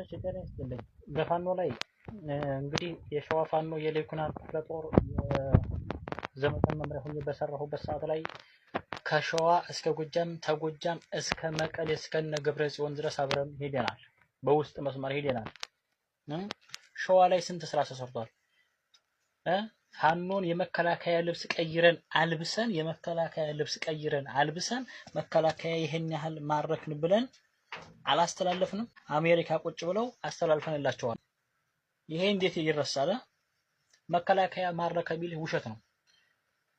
እሺ ጤና ይስጥልኝ በፋኖ ላይ እንግዲህ የሸዋ ፋኖ የሌኩናል ክፍለ ጦር ዘመቻ መምሪያ ሆኜ በሰራሁበት ሰዓት ላይ ከሸዋ እስከ ጎጃም ተጎጃም እስከ መቀሌ እስከነ ገብረ ጽዮን ድረስ አብረን ሄደናል። በውስጥ መስመር ሄደናል። ሸዋ ላይ ስንት ስራ ተሰርቷል። ፋኖን የመከላከያ ልብስ ቀይረን አልብሰን የመከላከያ ልብስ ቀይረን አልብሰን መከላከያ ይሄን ያህል ማረክን ብለን አላስተላለፍንም። አሜሪካ ቁጭ ብለው አስተላልፈንላቸዋል። ይሄ እንዴት ይረሳል? መከላከያ ማረከ ቢል ውሸት ነው፣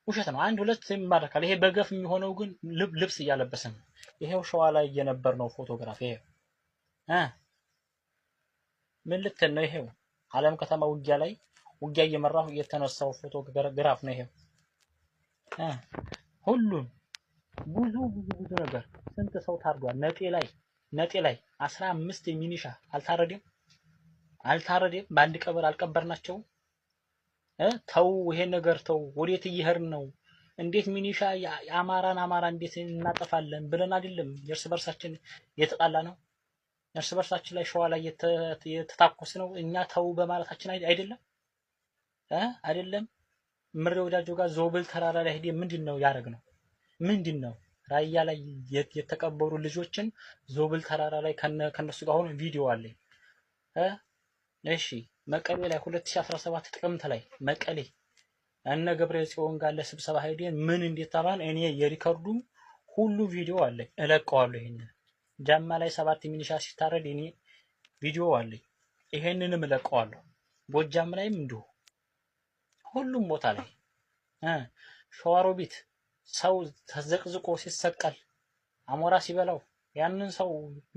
ውሸት ነው። አንድ ሁለት ይማረካል። ይሄ በገፍ የሚሆነው ግን ልብስ እያለበስን ይሄው ሸዋ ላይ እየነበር ነው ፎቶግራፍ። ይሄ እ ምን ልትል ነው? ይሄው አለም ከተማ ውጊያ ላይ ውጊያ እየመራሁ የተነሳው ፎቶግራፍ ነው። ይሄው ሁሉም ብዙ ብዙ ብዙ ነገር ስንት ሰው ታርዷል ነጤ ላይ ነጤ ላይ አስራ አምስት የሚኒሻ አልታረደም አልታረደም በአንድ ቀበር አልቀበርናቸውም ተው ይሄን ነገር ተው ወዴት እየሄድን ነው እንዴት ሚኒሻ የአማራን አማራ እንዴት እናጠፋለን ብለን አይደለም የእርስ በርሳችን የተጣላ ነው እርስ በርሳችን ላይ ሸዋ ላይ የተታኮስ ነው እኛ ተው በማለታችን አይደለም እ አይደለም ምሬ ወዳጆ ጋር ዞብል ተራራ ላይ ሄደ ምንድን ነው ያደረግ ነው ምንድን ነው ራያ ላይ የተቀበሩ ልጆችን ዞብል ተራራ ላይ ከነሱ ጋር ሆኖ ቪዲዮ አለኝ። እሺ መቀሌ ላይ 2017 ጥቅምት ላይ መቀሌ እነ ገብረ ጽዮን ጋር ለስብሰባ ሄደን ምን እንዴት እኔ የሪከርዱም ሁሉ ቪዲዮ አለኝ፣ እለቀዋለሁ። ይሄን ጃማ ላይ ሰባት ሚኒሻ ሲታረድ እኔ ቪዲዮ አለኝ፣ ይሄንንም እለቀዋለሁ። ጎጃም ላይም እንዲሁ ሁሉም ቦታ ላይ ሸዋሮቢት ሰው ተዘቅዝቆ ሲሰቀል አሞራ ሲበላው ያንን ሰው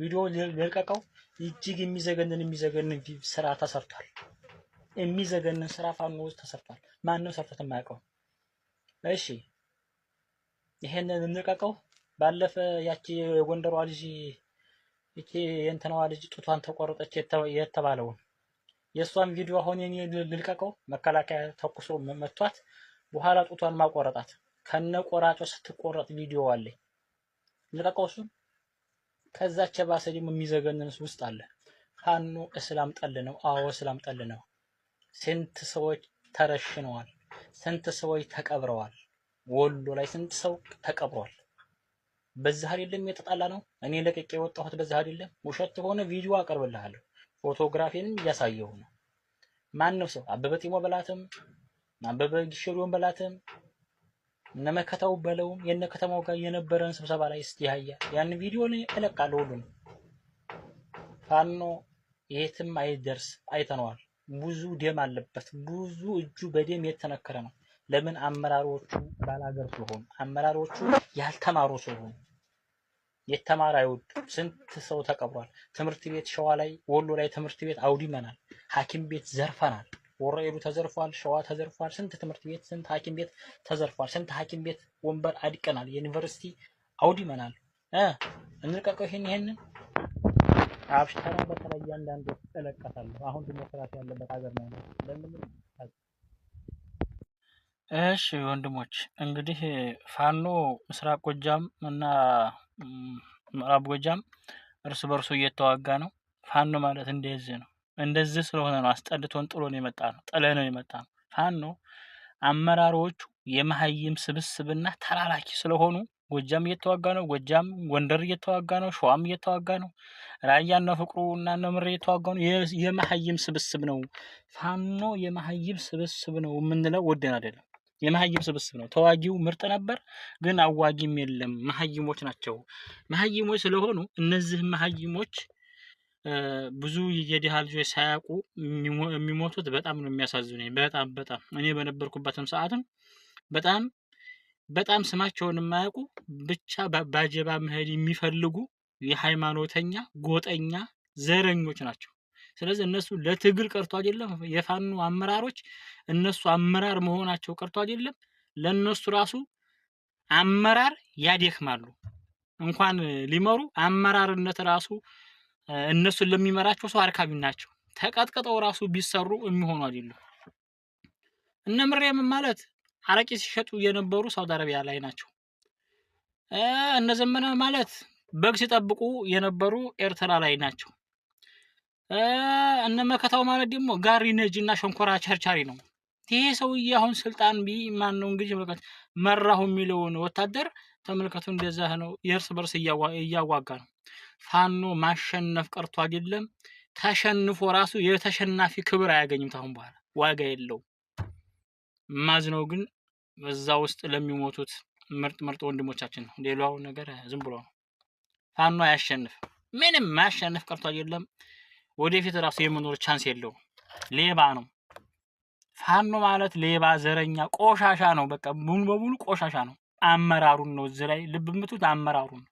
ቪዲዮ ለቀቀው። እጅግ የሚዘገንን የሚዘገንን ስራ ተሰርቷል። የሚዘገንን ስራ ፋኖ ውስጥ ተሰርቷል። ማንም ሰርቶት የማያውቀው እሺ፣ ይሄንን እንቀቀው። ባለፈ ያቺ የጎንደሯ ልጅ ይቺ የእንትናዋ ልጅ ጡቷን ተቆረጠች የተባለውን የእሷን ቪዲዮ አሁን ልልቀቀው። መከላከያ ተኩሶ መቷት፣ በኋላ ጡቷን ማቆረጣት ከነቆራጮ ስትቆረጥ ቪዲዮ አለ ልቀቀው ከዛች የባሰ ደግሞ ውስጥ አለ። ፋኖ እስላም ጠል ነው። አዎ እስላም ጠል ነው። ስንት ሰዎች ተረሽነዋል። ስንት ሰዎች ተቀብረዋል። ወሎ ላይ ስንት ሰው ተቀብሯል። በዛ አይደለም የተጣላ ነው። እኔ ለቅቄ የወጣሁት በዛ አይደለም። ውሸት ከሆነ ቪዲዮ አቀርብልሃለሁ። ፎቶግራፊንም እያሳየው ነው። ማን ነው ሰው አበበ ጢሞ በላትም አበበ ጊሸሪዮን በላትም እነመከታው በለውም የነከተማው ጋር የነበረን ስብሰባ ላይ እስቲ ያያ ያን ቪዲዮ ላይ እለቃለሁ። ሁሉም ፋኖ የትም አይደርስ አይተነዋል። ብዙ ደም አለበት። ብዙ እጁ በደም የተነከረ ነው። ለምን አመራሮቹ ባላገር ስለሆኑ፣ አመራሮቹ ያልተማሩ ስለሆኑ የተማረ አይወዱ። ስንት ሰው ተቀብሯል። ትምህርት ቤት ሸዋ ላይ፣ ወሎ ላይ ትምህርት ቤት አውዲመናል። ሐኪም ቤት ዘርፈናል። ወረኢሉ ተዘርፏል፣ ሸዋ ተዘርፏል፣ ስንት ትምህርት ቤት ስንት ሐኪም ቤት ተዘርፏል። ስንት ሐኪም ቤት ወንበር አድቀናል፣ የዩኒቨርሲቲ አውድመናል። እንልቀቀው ይሄን ይሄንን አብሽታራን በተለይ እያንዳንዱ እለቀታለሁ። አሁን ዲሞክራሲ ያለበት ሀገር ነው። ለምን እሺ ወንድሞች እንግዲህ ፋኖ ምስራቅ ጎጃም እና ምዕራብ ጎጃም እርስ በርሱ እየተዋጋ ነው። ፋኖ ማለት እንደዚህ ነው። እንደዚህ ስለሆነ ነው አስጠልቶን ጥሎ ነው የመጣ ነው ጥለ ነው የመጣ ነው። ፋኖ አመራሮቹ የመሀይም ስብስብና ተላላኪ ስለሆኑ ጎጃም እየተዋጋ ነው፣ ጎጃም ጎንደር እየተዋጋ ነው፣ ሸዋም እየተዋጋ ነው፣ ራያ እነ ፍቅሩ እና እነ ምሬ እየተዋጋ ነው። የመሀይም ስብስብ ነው ፋኖ የመሀይም ስብስብ ነው የምንለው ወደን አይደለም። የመሀይም ስብስብ ነው። ተዋጊው ምርጥ ነበር፣ ግን አዋጊም የለም። መሀይሞች ናቸው። መሀይሞች ስለሆኑ እነዚህ መሀይሞች ብዙ የድሃ ልጆች ሳያውቁ የሚሞቱት በጣም ነው የሚያሳዝነኝ። በጣም በጣም እኔ በነበርኩበትም ሰዓትም በጣም በጣም ስማቸውን የማያውቁ ብቻ ባጀባ መሄድ የሚፈልጉ የሃይማኖተኛ ጎጠኛ ዘረኞች ናቸው። ስለዚህ እነሱ ለትግል ቀርቶ አይደለም የፋኑ አመራሮች እነሱ አመራር መሆናቸው ቀርቶ አይደለም ለእነሱ ራሱ አመራር ያደክማሉ። እንኳን ሊመሩ አመራርነት ራሱ እነሱን ለሚመራቸው ሰው አርካቢ ናቸው። ተቀጥቅጠው ራሱ ቢሰሩ የሚሆኑ አይደሉም። እነ ምሬም ማለት አረቂ ሲሸጡ የነበሩ ሳውዲ አረቢያ ላይ ናቸው። እነ ዘመነ ማለት በግ ሲጠብቁ የነበሩ ኤርትራ ላይ ናቸው። እነ መከታው ማለት ደግሞ ጋሪ ነጅ እና ሸንኮራ ቸርቻሪ ነው። ይሄ ሰውዬ አሁን ስልጣን ቢ ማን ነው እንግዲህ መራሁ የሚለውን ወታደር ተመልከቱ። እንደዛ ነው የእርስ በርስ እያዋጋ ነው። ፋኖ ማሸነፍ ቀርቶ አይደለም ተሸንፎ ራሱ የተሸናፊ ክብር አያገኝም። ታሁን በኋላ ዋጋ የለውም። ማዝነው ግን በዛ ውስጥ ለሚሞቱት ምርጥ ምርጥ ወንድሞቻችን ነው። ሌላው ነገር ዝም ብሎ ነው። ፋኖ አያሸንፍ ምንም ማያሸንፍ ቀርቶ አይደለም ወደፊት ራሱ የመኖር ቻንስ የለውም። ሌባ ነው ፋኖ ማለት ሌባ፣ ዘረኛ፣ ቆሻሻ ነው። በቃ ሙሉ በሙሉ ቆሻሻ ነው። አመራሩን ነው እዚህ ላይ ልብ አመራሩን ነው።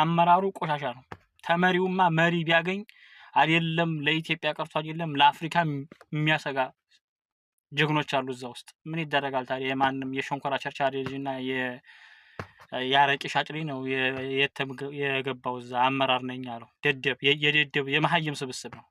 አመራሩ ቆሻሻ ነው። ተመሪውማ መሪ ቢያገኝ አይደለም ለኢትዮጵያ ቀርቶ አይደለም ለአፍሪካ የሚያሰጋ ጀግኖች አሉ እዛ ውስጥ። ምን ይደረጋል ታዲያ? የማንም የሸንኮራ ቸርቻሪ ልጅና የአረቂ ሻጭሪ ነው የገባው እዛ አመራር ነኝ አለው። ደደብ የደደብ የመሀይም ስብስብ ነው።